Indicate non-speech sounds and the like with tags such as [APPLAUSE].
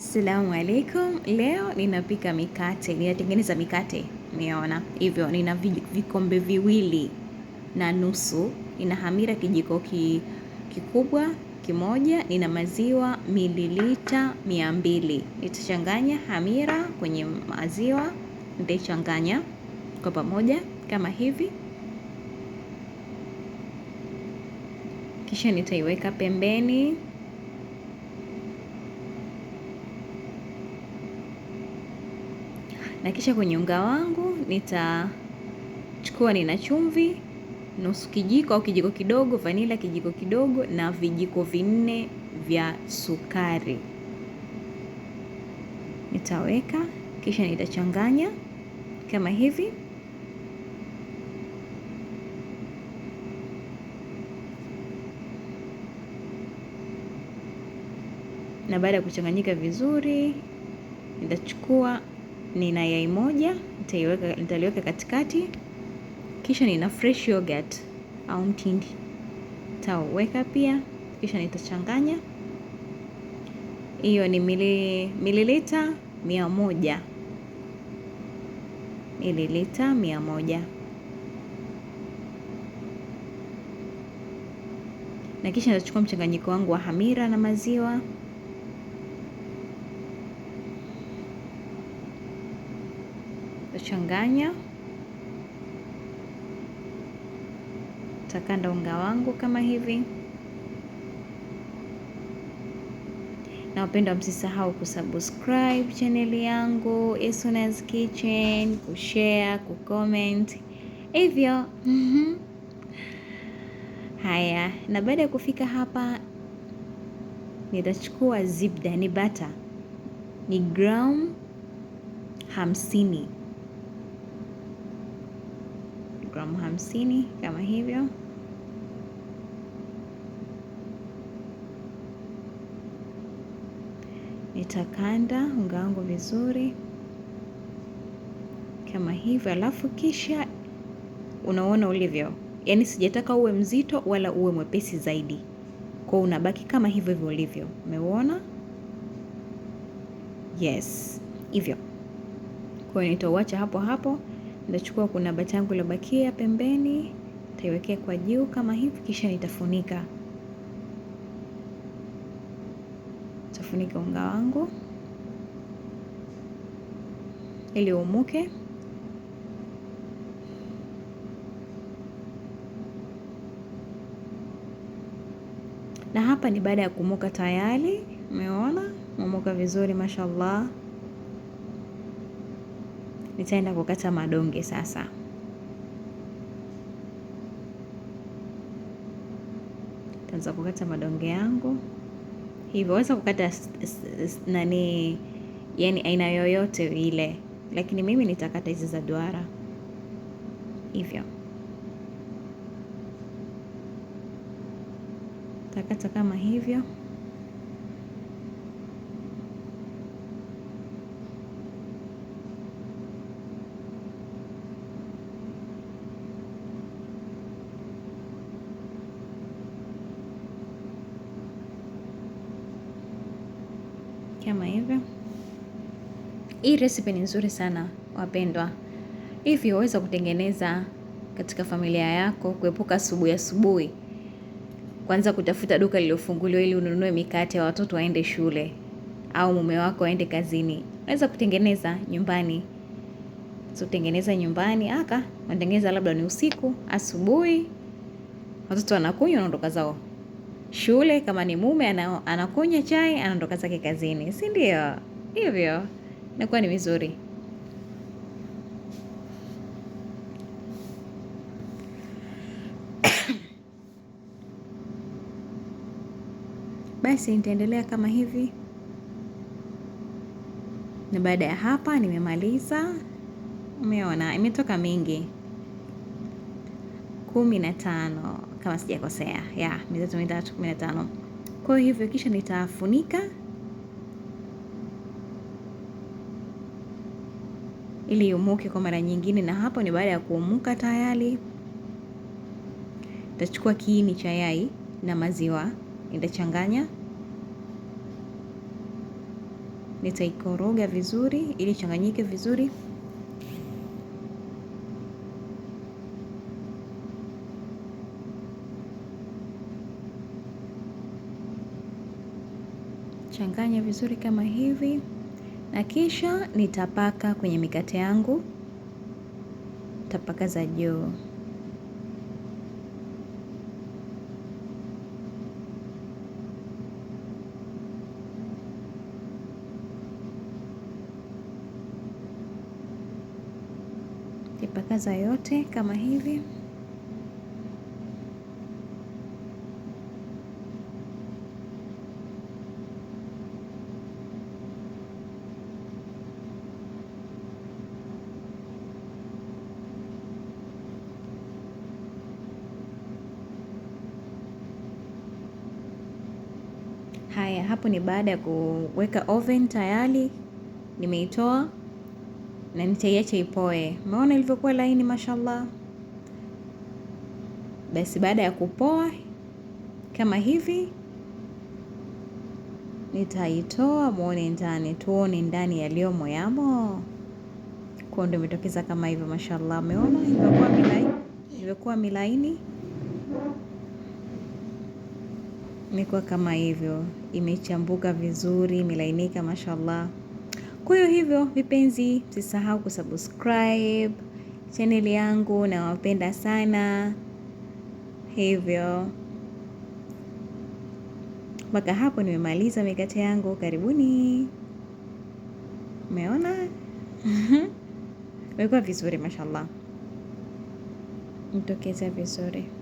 Assalamu alaikum, leo ninapika mikate, ninatengeneza mikate, umeona hivyo. Nina vikombe viwili na nusu, nina hamira kijiko ki, kikubwa kimoja, nina maziwa mililita mia mbili. Nitachanganya hamira kwenye maziwa, nitaichanganya kwa pamoja kama hivi, kisha nitaiweka pembeni. na kisha kwenye unga wangu nitachukua nina chumvi nusu kijiko au kijiko kidogo, vanila kijiko kidogo, na vijiko vinne vya sukari nitaweka, kisha nitachanganya kama hivi. Na baada ya kuchanganyika vizuri, nitachukua nina yai moja nitaiweka, nitaliweka katikati, kisha nina fresh yogurt au mtindi nitaweka pia, kisha nitachanganya. Hiyo ni mili, mililita mia moja mililita mia moja na kisha nitachukua mchanganyiko wangu wa hamira na maziwa Utachanganya, utakanda unga wangu kama hivi, na wapendwa, msisahau kusubscribe channel yangu Esuna's Kitchen, kushare, kucomment hivyo. mm -hmm. Haya, na baada ya kufika hapa nitachukua zibda ni bata ni gram hamsini gramu hamsini kama hivyo. Nitakanda unga wangu vizuri kama hivyo, alafu kisha unaona ulivyo, yaani sijataka uwe mzito wala uwe mwepesi zaidi, kwa unabaki kama hivyo hivyo ulivyo. Umeuona? Yes, hivyo. Kwa hiyo nitauacha hapo hapo nitachukua kuna bati yangu iliyobakia pembeni, nitaiwekea kwa juu kama hivi, kisha nitafunika. tafunika unga wangu ili uumuke. Na hapa ni baada ya kumuka tayari, umeona umeumuka vizuri, mashallah nitaenda kukata madonge sasa. Nitaanza kukata madonge yangu hivyo. Waweza kukata nani, yani aina yoyote ile, lakini mimi nitakata hizi za duara hivyo takata kama hivyo. kama hivyo. Hii recipe ni nzuri sana wapendwa, hivi waweza kutengeneza katika familia yako, kuepuka asubuhi asubuhi kwanza kutafuta duka lililofunguliwa ili ununue mikate ya watoto waende shule au mume wako aende kazini. Unaweza kutengeneza nyumbani, utengeneza nyumbani aka unatengeneza labda ni usiku, asubuhi watoto wanakunywa, wanaondoka zao shule, kama ni mume anakunywa chai, anaondoka zake kazini, si ndio? Hivyo inakuwa ni vizuri. [COUGHS] Basi nitaendelea kama hivi, na baada ya hapa nimemaliza. Umeona, imetoka mingi kumi na tano kama sijakosea ya mitatu mitatu kumi na tano kwa hivyo kisha nitafunika ili iumuke kwa mara nyingine, na hapo ni baada ya kuumuka tayari. Nitachukua kiini cha yai na maziwa, nitachanganya, nitaikoroga vizuri ili changanyike vizuri. changanya vizuri kama hivi, na kisha nitapaka kwenye mikate yangu, tapaka za juu. Tapaka za yote kama hivi. Haya, hapo ni baada ya kuweka oven tayari, nimeitoa na nitaiacha ipoe. Umeona ilivyokuwa laini, mashallah. Basi baada ya kupoa kama hivi, nitaitoa muone ndani, tuone ndani yaliyomo yamo. Kwa ndio imetokeza kama hivyo, mashallah. Umeona ilivyokuwa milaini imekuwa kama hivyo, imechambuka vizuri, imelainika mashallah. Kwa hiyo hivyo vipenzi, msisahau kusubscribe chaneli yangu, nawapenda sana. Hivyo mpaka hapo nimemaliza mikate yangu, karibuni. Umeona [LAUGHS] imekuwa vizuri mashallah, mtokeza vizuri.